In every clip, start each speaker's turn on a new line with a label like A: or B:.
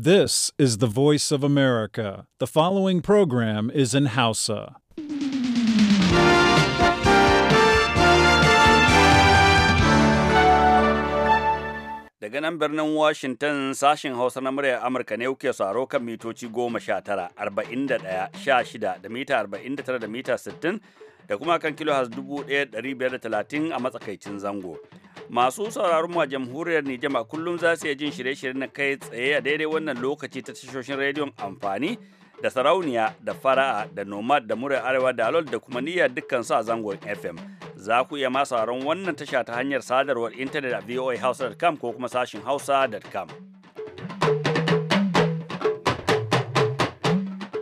A: This is the voice of America. The following program is in Hausa.
B: Daga nan birnin Washington sashen Hausa na murya Amurka ne kuke saro kan mitoci goma sha tara, da mita arba'in da mita sittin da kuma kan kilo has a matsakaicin zango. Masu sauraron mu a jamhuriyar Nijama kullum za su iya jin shirye-shiryen na kai tsaye a daidai wannan lokaci ta tashoshin rediyon amfani da sarauniya da fara'a da nomad da murar arewa da alol da kuma niyyar dukkan su a zangon FM. Za ku iya ma sauraron wannan tasha ta hanyar sadarwar intanet a voahausa.com ko kuma sashin hausa.com.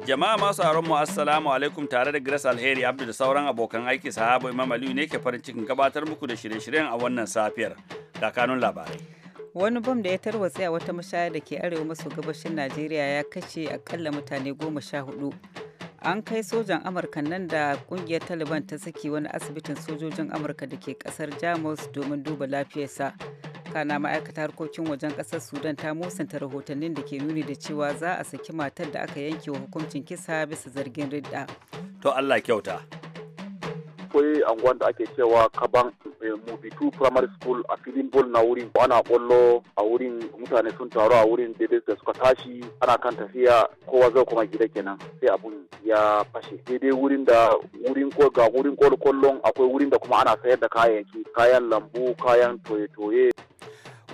B: Jama'a masu mu assalamu alaikum tare da Grace Alheri Abdu da sauran abokan aiki sahabo Imam Aliyu ne ke farin cikin gabatar muku da shirye-shiryen a wannan safiyar. Ga labarai.
C: Wani bom da ya tarwatsa a wata mashaya da ke arewa maso gabashin Najeriya ya kashe akalla mutane goma sha hudu. An kai sojan Amurka nan da kungiyar Taliban ta saki wani asibitin sojojin Amurka da ke kasar Jamus domin duba lafiyarsa. na ma'aikata harkokin wajen ƙasar sudan ta musanta rahotannin da ke nuni da cewa za a saki matar da aka yanke wa hukuncin kisa bisa zargin ridda
B: to allah kyauta akwai anguwan da ake cewa kaban eh, mubitu
D: primary school a filin bol na wurin ana kwallo a wurin mutane sun taru a wurin daidai da suka tashi ana kan tafiya kowa zai kuma gida kenan sai abun ya fashe daidai wurin da wurin ko ga wurin kwallon akwai wurin da kuma ana sayar da kayayyaki kayan lambu
B: kayan toye-toye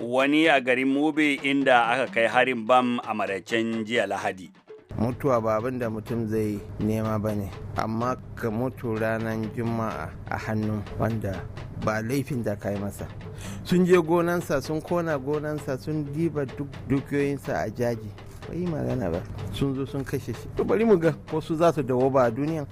B: wani a garin Mube inda aka kai harin bam a maraicen jiya Lahadi.
E: mutuwa ba da mutum zai nema ba ne amma ka mutu ranar juma'a a hannun wanda ba laifin da ka masa sun je gonansa sun kona gonansa sun diba duk dukiyoyinsa a jaji bai magana ba sun zo sun kashe shi to bari mu ga wasu za su dawo ba a duniya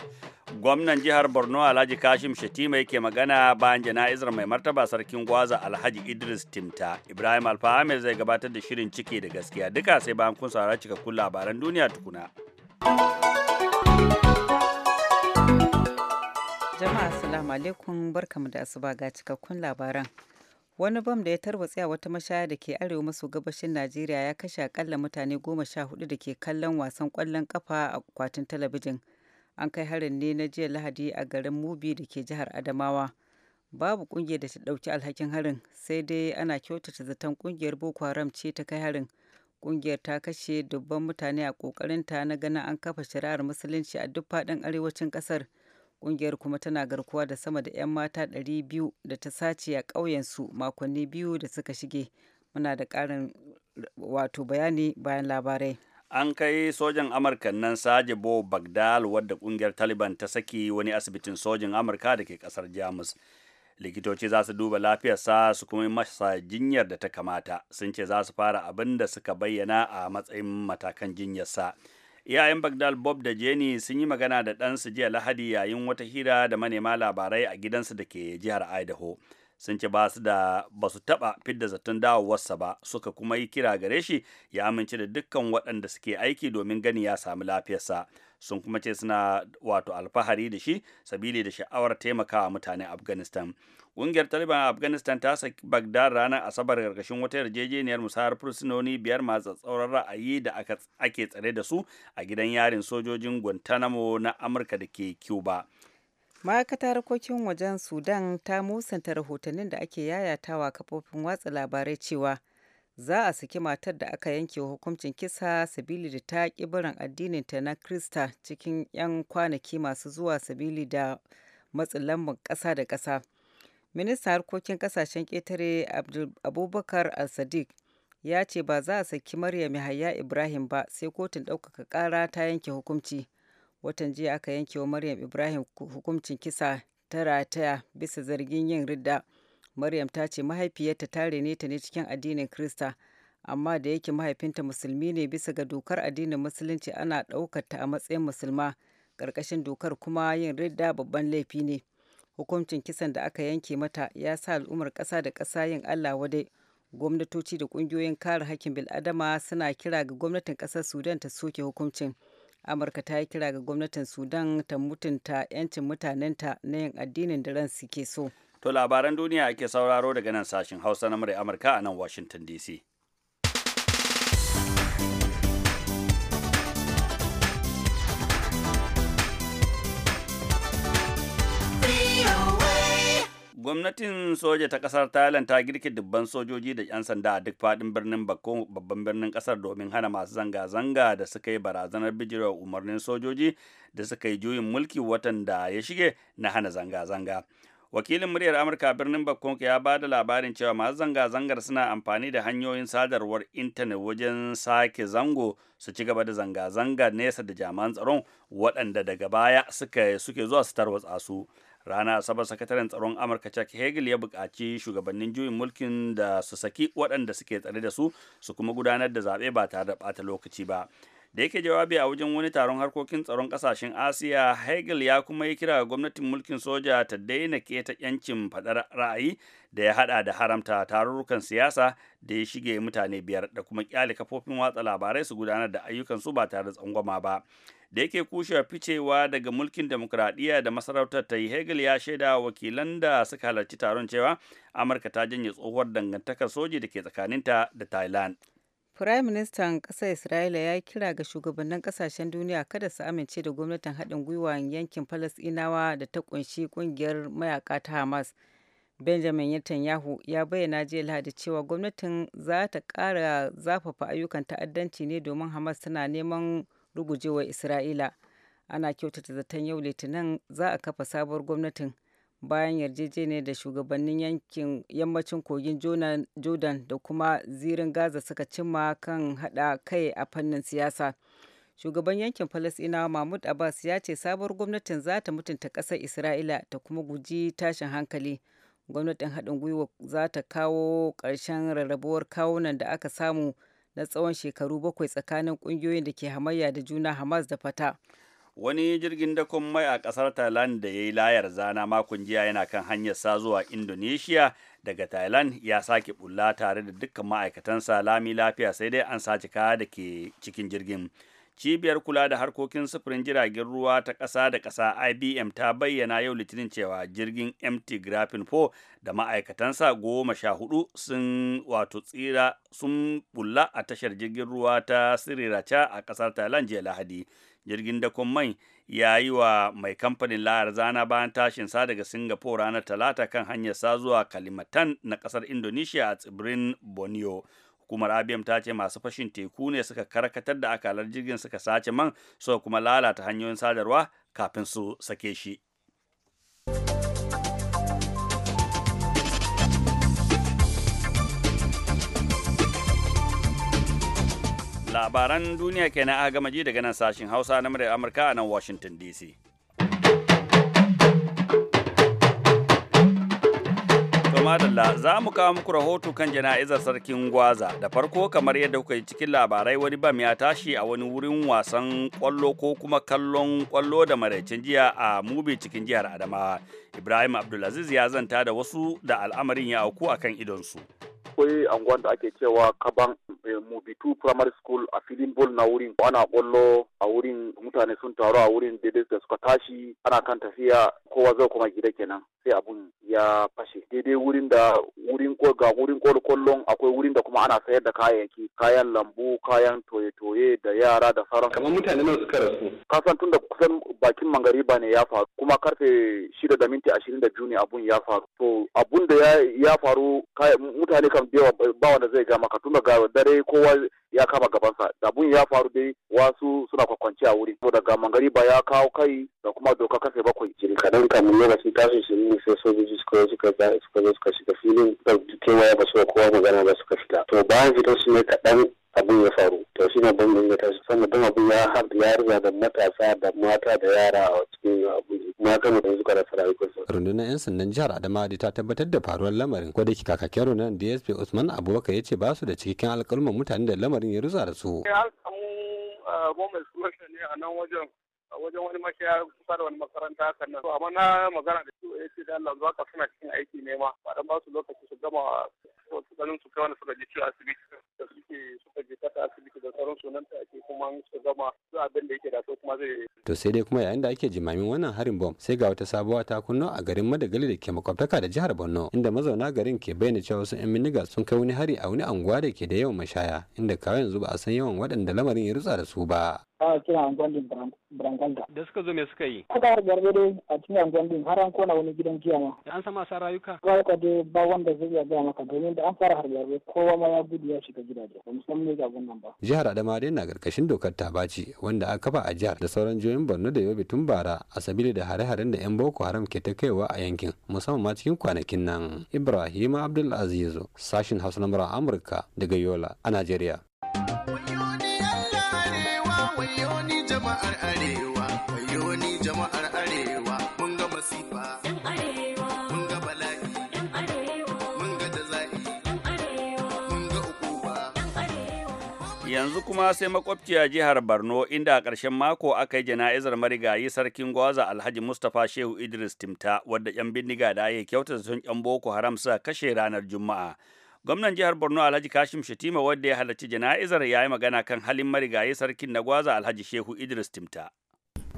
B: gwamnan jihar borno alhaji kashim shatima yake magana bayan jana'izar mai martaba sarkin gwaza alhaji idris timta ibrahim alfahamir zai gabatar da shirin ciki da gaskiya duka sai bayan kun saurara cikakkun labaran duniya tukuna
C: jama'a assalamu alaikum barkamu da asuba ga cikakkun labaran wani bam da ya tarwatse a wata mashaya da ke arewa maso gabashin najeriya ya kashe akalla mutane goma sha hudu da ke kallon wasan kwallon kafa a akwatin talabijin an kai harin ne na jiya lahadi a garin mubi da ke jihar adamawa babu kungiyar da ta ɗauki alhakin harin sai dai ana kyautata zaton kungiyar boko haram ce ta kai harin kungiyar ta kashe dubban mutane a ta na ganin an kafa shari'ar musulunci a duk faɗin arewacin kasar kungiyar kuma tana garkuwa da sama da 'yan mata ɗari biyu da ta sace a ƙauyen su makonni biyu da suka shige muna da ƙarin wato bayani bayan labarai
B: an kai sojan amurka nan saje bo bagdal wadda kungiyar taliban ta saki wani asibitin sojan amurka da ke kasar jamus likitoci za su duba lafiyarsa su kuma masa jinyar da ta kamata sun ce za su fara abin da suka bayyana a matsayin matakan jinyarsa iyayen bagdal bob da jeni sun yi magana da ɗansu jiya lahadi yayin wata hira da manema labarai a gidansu da ke jihar idaho sun ci ba su da ba su taba fidda zaton dawowarsa ba suka kuma yi kira gare shi ya amince da dukkan waɗanda suke aiki domin gani ya sami lafiyarsa sun kuma ce suna wato alfahari da shi sabili da sha'awar taimakawa mutane afghanistan ƙungiyar taliban a afghanistan ta saki bagdad ranar asabar karkashin wata yarjejeniyar musayar fursunoni biyar masu tsauran ra'ayi da ake tsare da su a gidan yarin sojojin guantanamo na amurka da ke cuba
C: ma'aikatar harkokin wajen sudan ta musanta rahotannin da ake yayatawa kafofin watsa labarai cewa za a saki matar da aka yanke hukuncin kisa sabili da ta ƙi addinin ta na krista cikin 'yan kwanaki masu zuwa sabili da matsin lambun ƙasa da ƙasa ministan harkokin kasashen ƙetare abubakar al-sadiq ya ce ba za a saki maryam yahaya ibrahim ba sai kotun ɗaukaka ƙara ta yanke hukunci watan jiya aka yanke wa maryam ibrahim hukuncin kisa ta rataya bisa zargin yin ridda maryam ta ce mahaifiyarta ta rene ta ne cikin addinin krista amma da yake mahaifinta musulmi ne bisa ga dokar addinin musulunci ana ɗaukar ta a matsayin musulma ƙarƙashin dokar kuma yin ridda babban laifi ne hukuncin kisan da aka yanke mata ya sa al'ummar ƙasa da ƙasa yin allah wadai gwamnatoci da ƙungiyoyin kare hakkin bil'adama suna kira ga gwamnatin ƙasar sudan ta soke hukuncin amurka ta yi kira ga gwamnatin sudan ta mutunta 'yancin mutanenta na yin addinin da ran suke so
B: to labaran duniya ake sauraro daga nan sashen hausa na murai amurka a nan washington dc Gwamnatin soja ta ƙasar Thailand ta girke dubban sojoji da 'yan sanda a duk faɗin birnin bakko babban birnin ƙasar domin hana masu zanga-zanga da suka yi barazanar bijirar umarnin sojoji da suka yi juyin mulki watan da ya shige na hana zanga-zanga. Wakilin muryar Amurka birnin Bangkok ya ba da labarin cewa masu zanga-zangar suna amfani da hanyoyin sadarwar intanet wajen sake zango su ci gaba da zanga-zanga nesa da jami'an tsaron waɗanda daga baya suke zuwa su tarwatsa su. rana asabar sakataren tsaron amurka chuck hagel ya buƙaci shugabannin juyin mulkin da su saki waɗanda suke tsare da su su kuma gudanar da zaɓe ba tare da ɓata lokaci ba da yake jawabi a wajen wani taron harkokin tsaron ƙasashen asiya hegel ya kuma yi kira gwamnatin mulkin soja ta daina keta yancin faɗar ra'ayi da ya haɗa da haramta tarurrukan siyasa da ya shige mutane biyar da kuma kyale kafofin watsa labarai su gudanar da ayyukan su ba tare da tsangwama ba da yake kushe ficewa daga mulkin demokuraɗiyya da masarautar ta yi hegel ya shaida wakilan da suka halarci taron cewa amurka ta janye tsohuwar dangantakar soji da ke tsakaninta da thailand
C: Firayim Ministan ƙasar Isra'ila ya yi kira ga shugabannin ƙasashen duniya kada su amince da gwamnatin haɗin gwiwa yankin Falasɗinawa da ta ƙunshi ƙungiyar mayaka ta Hamas. Benjamin Netanyahu ya bayyana jiya Lahadi cewa gwamnatin za ta ƙara zafafa ayyukan ta'addanci ne domin Hamas tana neman rugujewar isra'ila ana kyautata zaton yau litinin za a kafa sabuwar gwamnatin bayan yarjejeniyar da shugabannin yankin yammacin kogin jordan da kuma zirin gaza suka cimma kan hada kai a fannin siyasa shugaban yankin falasinawa mahmud abbas ya ce sabuwar gwamnatin za ta mutunta ƙasar isra'ila ta kuma guji tashin hankali gwamnatin haɗin gwiwa za ta kawo ƙarshen rarrabuwar kawunan da aka samu na tsawon shekaru bakwai tsakanin kungiyoyin da ke hamayya da juna hamas da fata
B: wani jirgin dakon mai a kasar thailand da ya yi layar zana makon jiya yana kan hanyar sa zuwa indonesia daga thailand ya sake bulla tare da dukkan ma'aikatansa lami lafiya sai dai an sace kaya da ke cikin jirgin Cibiyar kula da harkokin sufurin jiragen ruwa ta ƙasa da ƙasa IBM ta bayyana yau litinin cewa jirgin MT Graphin 4 da ma'aikatansa goma sha hudu sun wato tsira sun bulla a tashar jirgin ruwa ta Siriracha a ƙasar Thailand jiya Lahadi. Jirgin dakon mai ya yi wa mai kamfanin lahar zana bayan tashin sa daga Singapore ranar Talata kan hanyar sa zuwa Kalimatan na ƙasar Indonesia a tsibirin Borneo. hukumar abm ta ce masu fashin teku ne suka karkatar da akalar jirgin suka sace man suka kuma lalata hanyoyin sadarwa kafin su sake shi labaran duniya kenan a gama daga nan sashin hausa na muryar amurka a nan washington dc madalla za mu kawo muku rahoto kan jana'izar sarkin gwaza da farko kamar yadda kuka yi cikin labarai wani bam ya tashi a wani wurin wasan kwallo ko kuma kallon kwallo da maraicin jiya a mubi cikin jihar Adamawa. Ibrahim Abdulaziz ya zanta da wasu da al'amarin ya auku akan idonsu.
D: Akwai anguwan da ake cewa kaban Eh, bitu primary school a filin bol na wurin Ko ana kwallo a wurin mutane sun taru a wurin daidai da suka tashi ana kan tafiya kowa zai kuma gida kenan sai abun ya fashe daidai wurin da wurin ga wurin kwallon akwai wurin da kuma ana sayar da kayayyaki kayan lambu kayan toye-toye da yara da sauran kamar mutane nawa suka rasu kasan tun da kusan bakin mangariba ne ya faru kuma karfe shida da minti ashirin da juni abun ya faru to abun da ya faru mutane kan da yawa ba wanda zai ga maka tun da dare dai kowa ya kama gabansa da abun ya faru dai wasu suna kwakwanci a wuri saboda mangari ba ya kawo kai da kuma doka kasa bakwai jiri kadan kamun lokaci tashi shi ne sai sojoji suka zo suka zo suka shiga filin da kewaye ba su kowa magana ba suka fita to bayan fitar su ne kaɗan abin ya faru to shi ne bangon ya tashi sama don abin ya har ya riga da matasa da mata da yara a cikin abu na kan da
F: suka rasa rayuwarsu rundunar yan sandan jihar adamawa ta tabbatar da faruwar lamarin ko da ki kakakken rundunar DSP Usman Abubakar ya ce ba su da cikakken alƙalman mutanen da lamarin ya rusa da su
D: Ya eh, samu ah, bomb explosion ne a nan wajen wajen wani mashaya kusa da wani makaranta hakan nan amma na magana da su ya eh, ce da Allah zuwa ka suna cikin aiki ne ma ba dan ba su lokaci su gama su ganin su kai wani suka je ciwo asibiti take suka je kasa asibiti da sauran sunan ta ake kuma su gama su abin da yake da so kuma zai
F: to sai dai kuma yayin da ake jimamin wannan harin bom sai ga wata sabuwa ta kunno a garin madagali da ke makwabtaka da jihar borno inda mazauna garin ke bayyana cewa wasu 'yan miniga sun kai wani hari a wani anguwa da ke da yawan mashaya inda kawai yanzu ba a san yawan waɗanda lamarin ya rutsa da su ba
D: a cikin anguwan din branganga da
F: suka zo me suka yi
D: aka har garbe dai a cikin anguwan din har an kona wani gidan jiya ma an sama sa rayuka rayuka dai ba wanda zai iya gaya maka domin da an fara har kowa ma ya gudu ya shiga gidaje ba
F: jihar adama dai na karkashin dokar tabaci wanda aka kafa a jihar da sauran jihohin borno da yobe tun bara a sabili da hare-haren da yan boko haram ke ta kaiwa a yankin musamman ma cikin kwanakin nan ibrahim abdul aziz sashin hausa na amurka daga yola a najeriya
B: kuma sai makwabciya jihar Borno inda a ƙarshen mako aka yi jana'izar marigayi sarkin gwaza Alhaji Mustapha Shehu Idris Timta wadda 'yan bindiga da ake kyautar sun 'yan Boko Haram suka kashe ranar Juma'a. Gwamnan jihar Borno Alhaji Kashim Shatima wadda ya halarci jana'izar ya yi magana kan halin marigayi sarkin na gwaza Alhaji Shehu Idris Timta.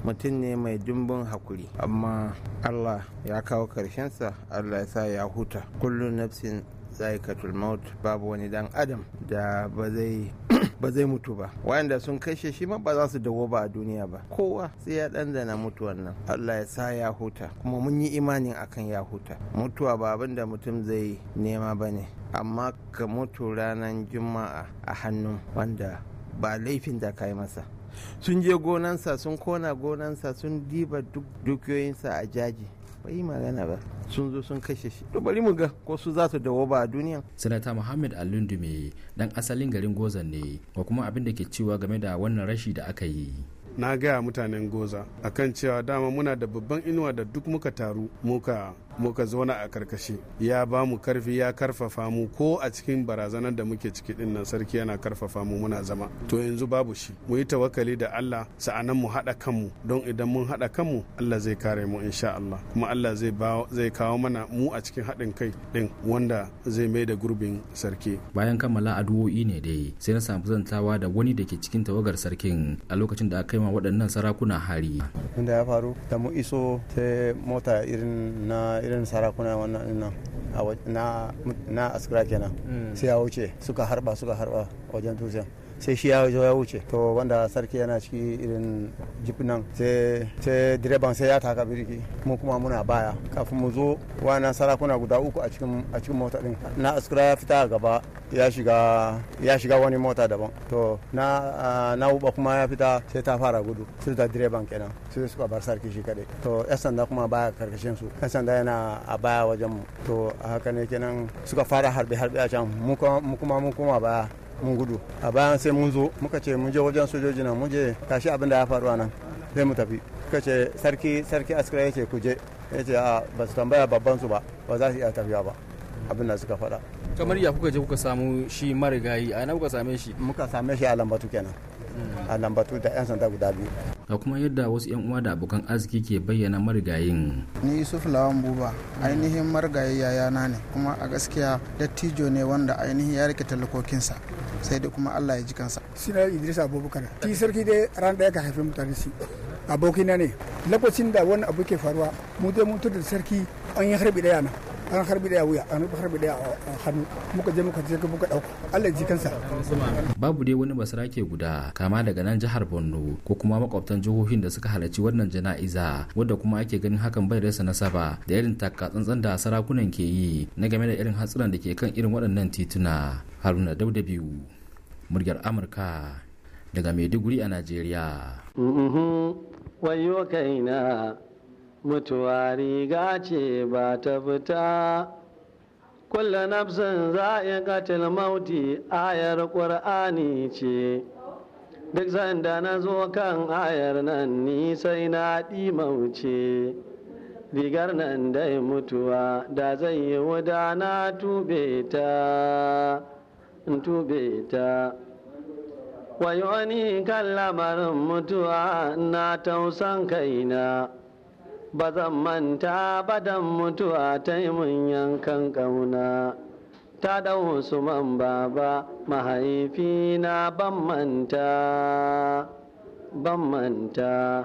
E: mutum ne mai dimbin hakuri amma Allah ya kawo ƙarshensa Allah ya sa ya huta kullum nafsin zaikatul maut babu wani dan adam da ba zai mutu ba wayanda sun kashe shi ma ba za su dawo ba a duniya ba kowa sai ya na mutuwan nan Allah ya sa ya huta kuma mun yi imanin akan ya huta mutuwa ba abin da mutum zai nema ba ne amma ka mutu ranar juma'a a hannun wanda ba laifin da ka yi masa sun je gonansa sun kona gonansa sun diba dukiyoyinsa a jaji ba yi magana ba sun zo sun kashe shi
G: to bari mu ga ko su za su dawo ba a duniya sanata muhammad alundume dan asalin garin goza ne ko kuma abin da ke cewa game da wannan rashi da aka yi
F: na gaya mutanen goza akan cewa dama muna da babban inuwa da duk muka taru muka muka zauna a karkashi ya ba mu karfi ya karfafa mu ko a cikin barazanar da muke ciki din nan sarki yana karfafa mu muna zama to yanzu babu shi mu yi tawakkali da Allah sa'anan mu haɗa kanmu don idan mun haɗa kanmu Allah zai kare mu insha Allah kuma Allah zai zai kawo mana mu a cikin haɗin kai din wanda zai mai da gurbin sarki
G: bayan kammala addu'o'i ne dai sai na samu zantawa da wani da ke cikin tawagar sarkin a lokacin da aka yi ma waɗannan sarakuna hari
E: inda ya faru da mu iso ta mota irin na irin sarakuna wannan na na askira kenan mm. sai ya wuce suka harba suka harba wajen tushen sai shi ya zo ya wuce to wanda sarki yana ciki irin jip nan sai direban sai ya taka birki mu kuma muna baya kafin mu zo wayannan sarakuna guda uku a cikin a cikin mota din na askura ya fita gaba ya shiga ya shiga wani mota daban to na na uba kuma ya fita sai ta fara gudu su da direban kenan su suka bar sarki shi kadai to yan sanda kuma baya karkashin su yan sanda yana a baya wajen mu to haka ne kenan suka fara harbe harbe a can mu kuma mu kuma baya mun gudu a bayan sai mun zo muka ce mun je wajen sojoji na mun je tashi abin da ya faru a nan sai mu tafi suka ce sarki sarki askira yake ku je ya ce a ba su tambaya babban su ba ba za su iya tafiya ba abin da suka faɗa
G: kamar ya kuka je kuka samu shi marigayi a ina kuka same shi muka same shi a lambatu kenan hmm. a lambatu
E: da yan sanda guda biyu
G: ga kuma yadda wasu yan uwa da abokan arziki ke bayyana marigayin
E: ni yusuf lawan buba ainihin marigayi yayana ne kuma a gaskiya dattijo ne wanda ainihin ya rike talakokinsa sai dai kuma Allah ya ji kansa sina Idris Abubakar
G: ti sarki dai ran daya ka haifi mutane shi abokina ne lokacin da wani abu ke faruwa mu dai mun da sarki an yi harbi daya na an harbi daya wuya an harbi daya a hannu muka je muka je muka dauka Allah ji kansa babu dai wani ke guda kama daga nan jihar Borno ko kuma makwabtan jihohin da suka halarci wannan jana'iza wadda kuma ake ganin hakan bai rasa nasaba da irin taka tsantsan da sarakunan ke yi na game da irin hatsuran da ke kan irin waɗannan tituna haruna dauda biyu muryar amurka daga maiduguri a najeriya
A: wayo kaina mutuwa riga ce ba ta fita kulla nafsin katil mauti ayar ƙur'ani ce duk sanda na zo kan ayar nan ni sai na ɗi mauce rigar nan dai mutuwa da zai yi wuda na tube ta Wai wani kan lamarin mutuwa na tausan kaina ba zan manta badan mutuwa ta yi mun yankan ƙauna ta ɗau su man baba mahaifina ban manta ban manta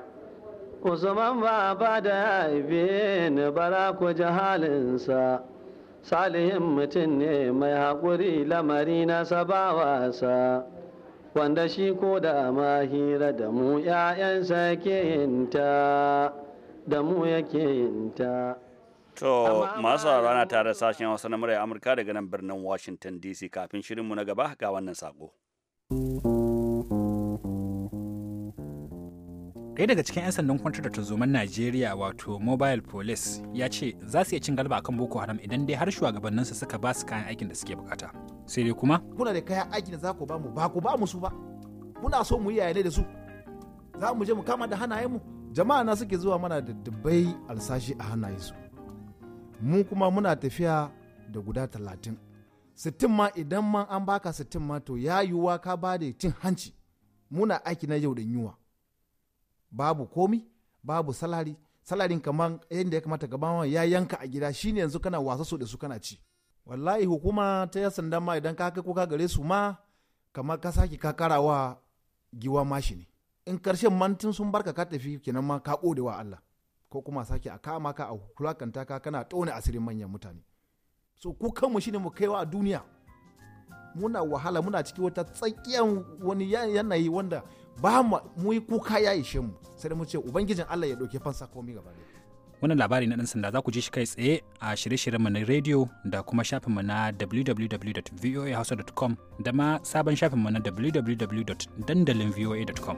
A: usman baba da ya haife ni bara ku ji halinsa salihin mutum ne mai haƙuri lamari na sabawasa wanda shi ko da ma hira da mu ‘ya'yansa ke yinta da mu yake yinta
B: To masu rana tare da sashen wasu na murya Amurka daga nan birnin Washington DC kafin shirinmu na gaba ga wannan sako.
G: ɗaya daga cikin 'yan sandan kwantar da tarzoman najeriya wato mobile police ya ce za su iya cin galba akan boko haram idan dai har shugabanninsu suka ba su kayan aikin da suke bukata sai dai kuma
F: kuna da kayan aikin da za ku ba mu ba ku ba mu su ba muna so mu yi yayane da su za mu je mu kama da mu. jama'a na suke zuwa mana da dubbai alsashi a su mu kuma muna tafiya da guda talatin sittin ma idan ma an baka sittin ma to ya yiwuwa ka ba da cin hanci muna aiki na yau da yunwa babu komi babu salari salarin kaman yadda ya kamata gaban ya yanka a gida shine yanzu kana wasa so da su kana ci wallahi hukuma ta yasan dan ma idan ka kai kuka gare su ma kamar ka sake ka karawa giwa mashi ne in karshen mantin sun barka ka tafi kenan ma ka kode wa Allah ko kuma sake a kama ka a kulakanta ka kana tone asirin manyan mutane so ku kanmu shine mu kaiwa a duniya muna wahala muna cikin wata tsakiyar wani yanayi wanda ba mu mu kuka ya ishe mu sai mu ce ubangijin Allah ya dauke fansa komai gaba da
G: wannan labari na dan sanda za ku ji shi kai tsaye a shirye-shiryen mu na rediyo da kuma shafin mu na www.voahausa.com da ma sabon shafin mu na www.dandalinvoa.com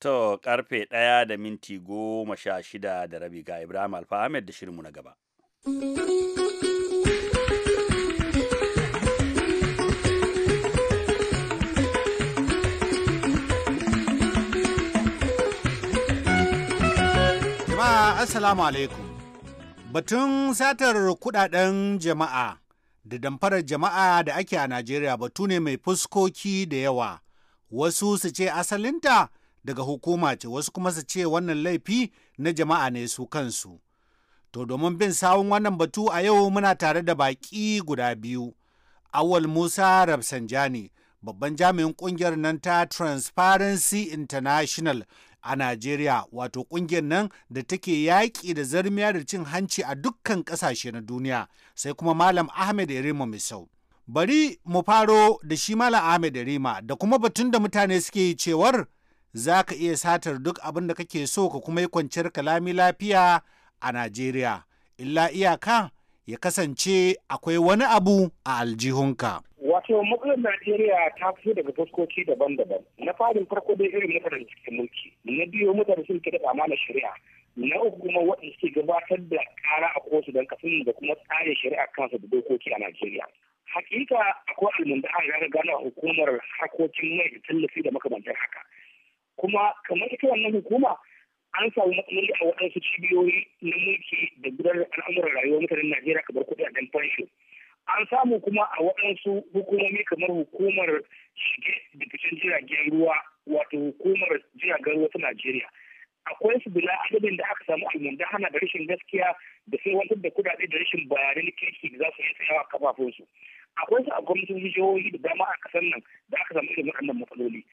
B: To karfe ɗaya da minti goma sha shida da rabi ga Ibrahim Alfa Ahmed da shirinmu na gaba. Jama'a
F: Assalamu alaikum. Batun satar kudaden jama'a da damfarar jama'a da ake a Najeriya batu ne mai fuskoki da yawa. Wasu su ce asalinta daga hukuma ce, wasu kuma su ce wannan laifi na jama'a ne su kansu. To domin bin sawun wannan batu a yau muna tare da baƙi guda biyu. Awal Musa Rafsanjani, babban jami'in ƙungiyar nan ta Transparency International a Najeriya, wato ƙungiyar nan da take yaƙi da zarmiya da cin hanci a dukkan ƙasashe na duniya, sai kuma Malam Ahmed Irima Misau. Bari mu faro da shi Malam Ahmed Irima da kuma batun da mutane suke yi cewar za ka iya satar duk abin da kake so ka kuma yi kwanciyar kalami lafiya a Najeriya, illa iyaka ya kasance akwai wani abu a aljihunka.
H: Wato matsalar Najeriya ta fito daga fuskoki daban-daban. Na farin farko dai irin mutanen cikin mulki, na biyu mutanen sun da amana shari'a, na uku kuma waɗanda suke gabatar da ƙara a kotu don kafin da kuma tsarin shari'a kansa da dokoki a Najeriya. Hakika akwai almunda a gana hukumar harkokin mai da tallafi da makamantar haka. Kuma kamar ita wannan hukuma an samu matsaloli a waɗansu cibiyoyi na mulki da gudanar al'amuran rayuwar mutanen Najeriya kamar kuɗi a ɗan fansho. An samu kuma a waɗansu hukumomi kamar hukumar shige da fitar jiragen ruwa wato hukumar jiragen ruwa ta Najeriya. Akwai su bila adadin da aka samu da hana da rashin gaskiya da sai wantar da kuɗaɗe da rashin bayanan kirki da za su yi tsayawa kafafunsu. Akwai su a gwamnatin jihohi da dama a kasar nan da aka samu irin waɗannan matsaloli.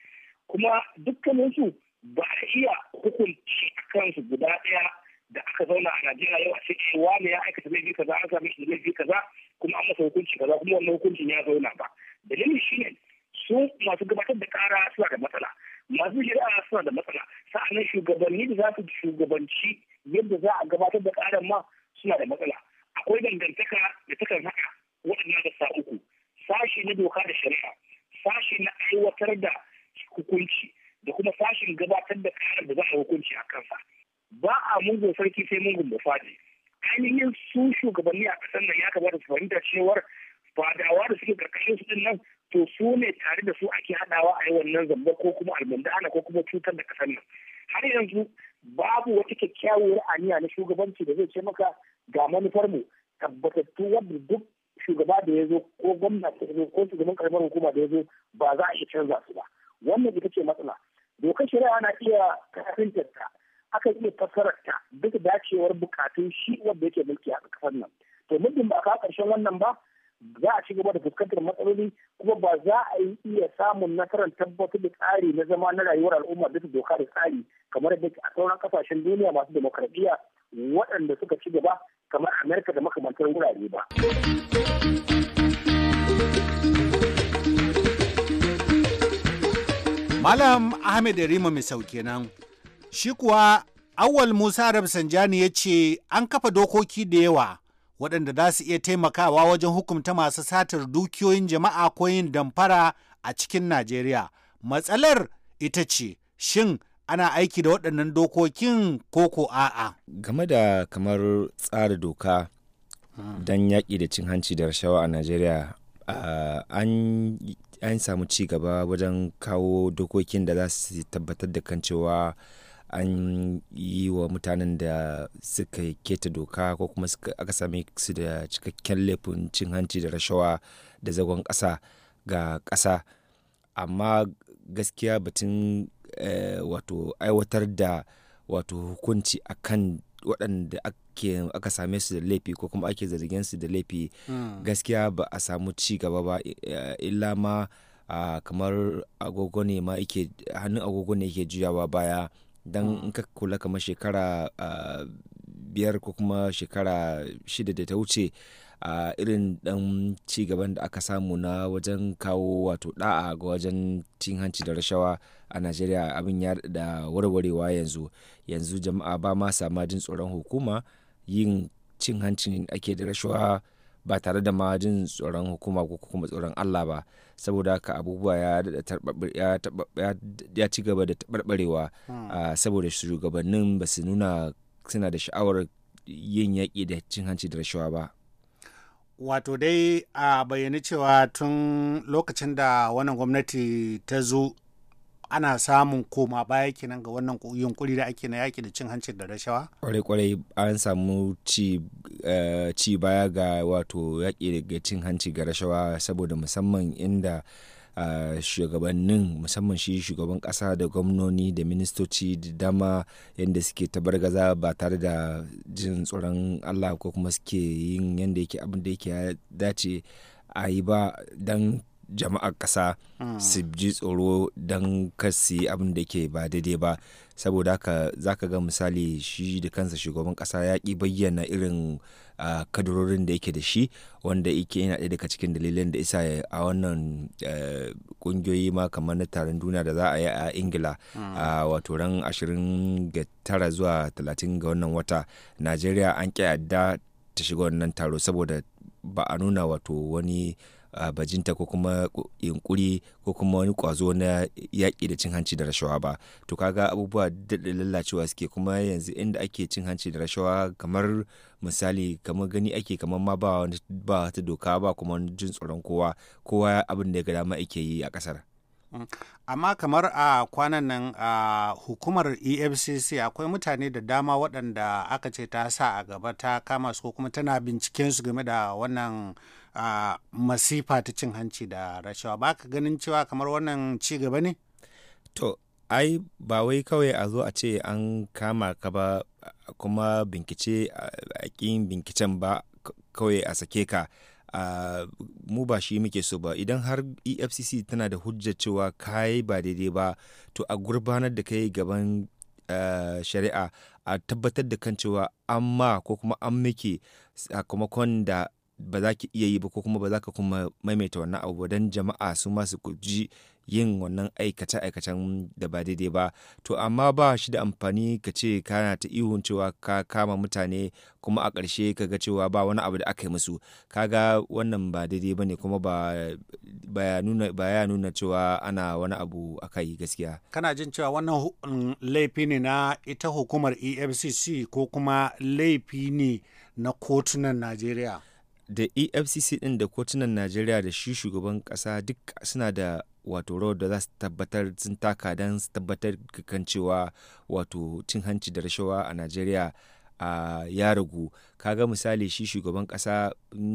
H: Kuma dukkaninsu ba a iya hukunci a kansu guda ɗaya da aka zauna a Najeriya yau a ce eh wane ya aikata laifi kaza an samu shi laifi kaza kuma an masa hukunci kaza kuma wannan hukuncin ya zauna ba dalili shine su masu gabatar da kara suna da matsala masu shari'a suna da matsala sa'annan shugabanni da za su shugabanci yadda za a gabatar da karar ma suna da matsala akwai dangantaka da takan haka waɗannan da sa uku sashi na doka da shari'a sashi na aiwatar da hukunci kuma sashin gabatar da kayan da za a hukunci a kansa ba a mugu sarki sai mugun mufadi ainihin su shugabanni a ƙasar nan ya kamata su fahimta cewar fadawa da suke karkashin su din nan to su ne tare da su ake haɗawa a yi wannan zamba ko kuma almundana ko kuma cutar da ƙasar nan har yanzu babu wata kyakkyawar aniya na shugabanci da zai ce maka ga manufar mu tabbatattu wadda duk shugaba da ya zo ko gwamna da ko shugaban karamar hukuma da ya zo ba za a iya canza su ba wannan ita ce matsala dokar shari'a na iya ta aka iya ta duk dacewar bukatun shi wanda yake mulki a kasar nan to muddin ba ka karshen wannan ba za a ci gaba da fuskantar matsaloli kuma ba za a yi iya samun nasarar tabbatar da tsari na zama na rayuwar al'umma duk doka da tsari kamar da a sauran kasashen duniya masu demokradiyya waɗanda suka ci gaba kamar amerika da makamantar
F: wurare ba. Malam Ahmed Rima sauke kenan. Shi kuwa Awal Musa Arab Sanjani ya ce an kafa dokoki da yawa waɗanda za su iya taimakawa wajen hukumta masu satar dukiyoyin jama'a ko yin damfara a cikin Najeriya. Matsalar ita ce, shin ana aiki da waɗannan dokokin koko a'a.
I: Game da kamar tsara doka hmm. don yaƙi da cin hanci da rashawa a Najeriya, an an samu ci gaba wajen kawo dokokin da za su tabbatar da kan cewa an yi wa mutanen da suka keta doka ko kuma aka same su da cikakken laifin cin hanci da rashawa da zagon ƙasa ga ƙasa amma gaskiya batun eh, wato aiwatar da wato hukunci akan waɗanda ake aka same su da laifi ko kuma ake zargin su da laifi hmm. gaskiya ba a samu ci gaba ba illa ma kamar agogo ne ma ike hannun agogo ne yake juyawa baya don hmm. in ka kula kamar shekara biyar ko kuma shekara shida da ta wuce a irin dan ci gaban da aka samu na wajen kawo wato da'a ga wajen cin hanci da rashawa a najeriya abin ya da warwarewa yanzu yanzu jama'a ba ma sama jin tsoron hukuma yin cin hanci ake da rashuwa ba tare da majin tsoron hukuma ko kuma tsoron Allah ba saboda haka abubuwa ya ci gaba da tabarbarewa hmm. ah, saboda shugabannin ba su nuna suna da sha'awar yin yaƙi da cin hanci da rashawa ba.
F: Wato dai a bayyana cewa tun lokacin da wannan gwamnati ta zo ana samun koma baya kenan ga wannan yunkuri da ake na yaki da cin hanci da rashawa
I: kwarai kwarai an samu ci eh, baya ga wato yaki da cin hanci ga rashawa saboda musamman inda eh, shugabannin musamman shi shugaban kasa da gwamnoni da ministoci da dama yadda suke gaza ba tare da jin tsoron allah ko kuma suke yin yadda yake abin da yake dace a yi ba don jama'ar ƙasa hmm. su ji tsoro don kasi abin da ke ba daidai ba saboda haka za ka ga misali shi da kansa shugaban ƙasa ya ƙi bayyana irin kadurorin da yake da shi wanda yake yana ɗaya daga cikin dalilin da isa a wannan e, ƙungiyoyi ma kamar na taron duniya da za a yi a ingila hmm. a wato ran 29 zuwa talatin ga wannan wata najeriya an ƙi yadda ta shiga wannan taro saboda ba a nuna wato wani bajinta ko kuma yunkuri ko kuma wani kwazo na yaƙi da cin hanci da rashawa ba to kaga abubuwa da lallacewa suke kuma yanzu inda ake cin hanci da rashawa kamar misali kamar gani ake kamar ma ba wata doka ba kuma jin tsoron kowa kowa abin da ya ga dama ake yi a ƙasar
F: mm. amma kamar a kwanan nan a hukumar efcc akwai mutane da dama waɗanda aka ce ta sa a gaba ta kama su ko kuma tana binciken su game da wannan a masifa ta cin hanci da rashawa ba ka ganin cewa kamar wannan ci gaba ne to ai ba wai kawai a zo a ce an
I: kama ka ba kuma binkice a ƙin binkicen ba kawai a sake ka mu ba shi muke so ba idan har efcc tana da hujjar cewa kayi ba daidai ba to a gurbanar da kai gaban shari'a a tabbatar da kan cewa an ma ko kuma an muke sakamakon da ba za ki iya yi ba ko kuma ba za ka kuma maimaita wannan abu don jama'a su masu kuji yin wannan aikace-aikacen da ba daidai ba to amma ba shi da amfani ka ce kana ta ihun cewa ka kama mutane kuma a ƙarshe ka ga cewa ba wani abu da aka yi musu kaga wannan ba daidai ba ne kuma ba ya nuna cewa ana wani abu a kai gaskiya
F: kana jin cewa wannan mm, laifi ne na ita hukumar efcc ko kuma laifi ne na kotunan najeriya
I: da efcc din da kotunan najeriya da shi shugaban kasa duk suna da wato rawar da za su tabbatar sun taka don su tabbatar kan cewa wato cin hanci da rashawa a najeriya a ya ragu kaga misali shi shugaban kasa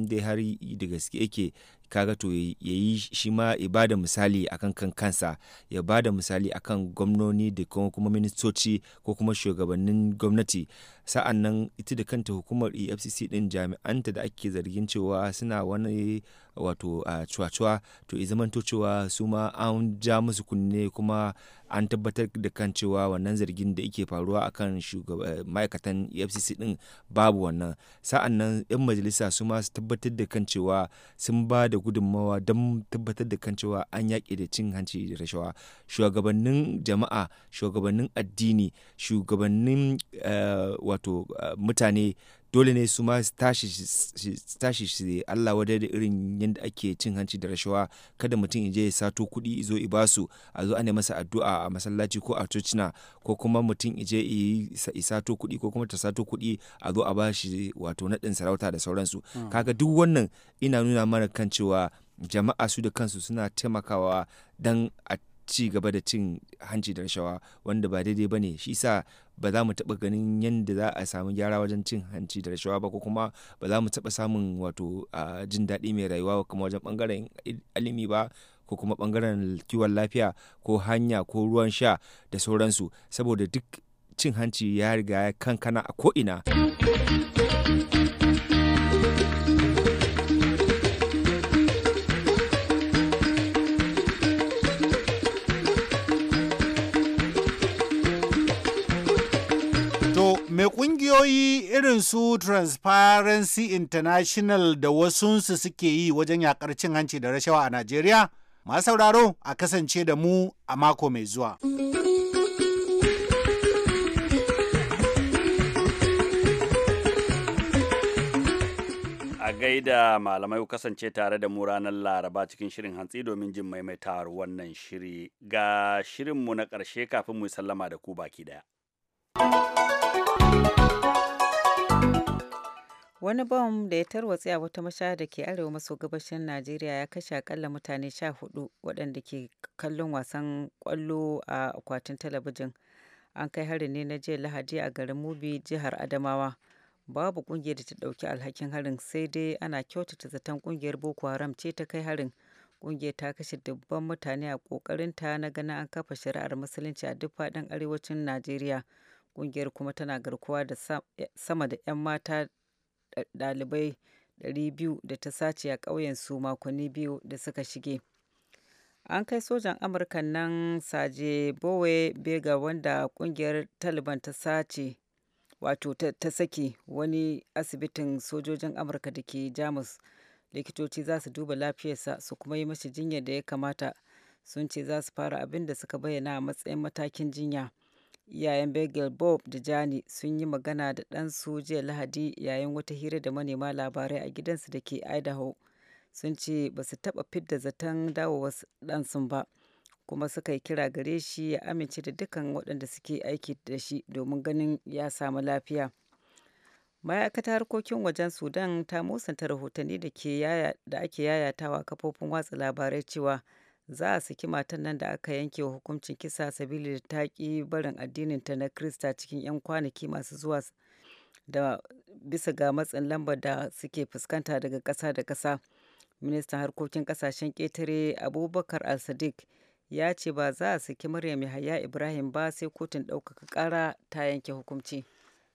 I: dai har da gaske yake kaga to ya yi shi ma ya ba da misali akan kan kansa ya ba da misali akan gwamnoni da kuma ministoci ko kuma shugabannin gwamnati sa'an nan ita da kanta hukumar efcc din jami'anta da ake zargin cewa suna wani wato a cuwa-cuwa to i zamanto cewa su ma an ja musu kunne kuma an tabbatar da kan cewa wannan zargin da yake faruwa a kan eh, ma'aikatan efcc din babu wannan sa'an nan 'yan majalisa su ma su tabbatar da kan cewa sun ba da gudunmawa don tabbatar da kan cewa an yaƙi da cin hanci da rashawa shugabannin jama'a shugabannin addini shugabannin eh, wato eh, mutane dole ne su ma su tashi su Allah wadai da irin yadda ake cin hanci da rashawa kada mutum je ya sato kuɗi zo i basu a zo ana masa addu'a a masallaci ko a cocina ko kuma mutum je i sato kuɗi ko kuma ta sato kuɗi a zo a bashi wato naɗin sarauta da sauransu hmm. kaga duk wannan ina nuna mana kan cewa jama'a su da kansu suna taimakawa dan a ci gaba da cin hanci da rashawa wanda ba daidai ba ne shi sa ba za mu taɓa ganin yadda za a samu gyara wajen cin hanci da rashawa ba ko kuma ba za mu taɓa samun wato jin daɗi mai rayuwa kuma wajen ɓangaren alimi ba ko kuma ɓangaren kiwon lafiya ko hanya ko ruwan sha da sauransu saboda duk cin hanci ya riga ya kankana a ko'ina.
F: Ƙungiyoyi irin su Transparency International da wasunsu suke yi wajen yakar cin hanci da rashawa a Najeriya, masu sauraro a kasance da mu a mako mai zuwa.
B: a gaida malamai ku kasance tare da mu ranar laraba cikin shirin hantsi domin jin maimaitawar wannan shiri ga shirinmu na ƙarshe kafin mu sallama da ku baki daya.
C: Wani bom da ya tarwatse a wata mashaya da ke arewa maso gabashin Najeriya ya kashe akalla mutane 14 waɗanda ke kallon wasan ƙwallo a akwatin talabijin. An kai harin ne na jiya Lahadi a garin Mubi, jihar Adamawa. Babu ƙungiyar da ta ɗauki alhakin harin sai dai ana kyautata zaton ƙungiyar Boko Haram ce ta kai harin. Ƙungiyar ta kashe dubban mutane a ƙoƙarinta na ganin an kafa shari'ar musulunci a duk faɗin arewacin Najeriya. Ƙungiyar kuma tana garkuwa da sama da 'yan mata ɗalibai 200 da ta sace a ƙauyen su makonni biyu da suka shige an kai sojan amurka nan saje bowe bega wanda ƙungiyar taliban ta sace wato ta sake wani asibitin sojojin amurka da ke jamus likitoci za su duba lafiyarsa su kuma yi mashi jinyar da ya kamata sun ce za su fara abin da suka bayyana a matsayin matakin jinya Iyayen begel Bob da Jani sun yi magana da ɗansu jiya Lahadi yayin wata hira da manema labarai a gidansu da ke Idaho. Sun ce ba su taɓa fidda zaton dawowar ɗansun ba, kuma suka yi kira gare shi ya amince da dukkan waɗanda suke aiki da shi domin ganin ya samu lafiya. ma'aikatar harkokin wajen sudan ta musanta rahotanni da ake yayatawa kafofin watsa labarai cewa za a saki matan nan da aka yanke wa hukuncin kisa sabili da ta ki barin addininta na krista cikin 'yan kwanaki masu zuwa da bisa ga matsin lambar da suke fuskanta daga kasa da kasa ministan harkokin kasashen ƙetare abubakar al-sadiq ya ce ba za a saki maryam yahaya ibrahim ba sai kotun ɗaukaka ƙara ta yanke hukunci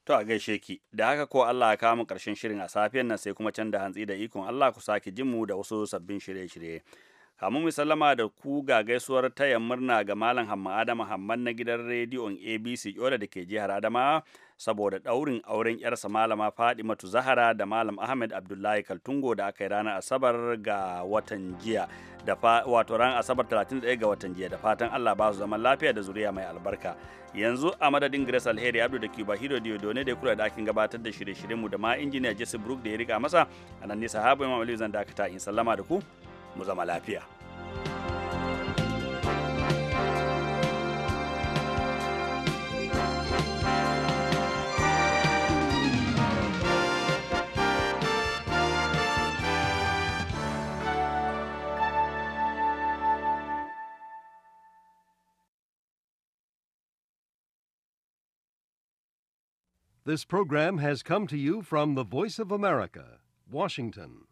B: to a gaishe ki da haka ko allah ya kawo mu ƙarshen shirin a safiyan nan sai kuma can da hantsi da ikon allah ku sake jin mu da wasu sabbin shirye-shirye kamun mu da ku ga gaisuwar taya murna ga malam hamma adama hamman na gidan rediyon abc yola da ke jihar adama saboda daurin auren yarsa malama fadimatu zahara da malam ahmed abdullahi kaltungo da aka yi ranar asabar ga watan jiya da wato ran asabar 31 ga watan jiya da fatan allah ba su zaman lafiya da zuriya mai albarka yanzu a madadin grace alheri abdu da cuba hiro diodone da kula da akin gabatar da shirye-shiryenmu da ma injiniya jesse brook da ya rika masa a nan ne sahabu imam aliyu zan dakata in sallama da ku mu zama lafiya
A: This program has come to you from the Voice of America,
I: Washington.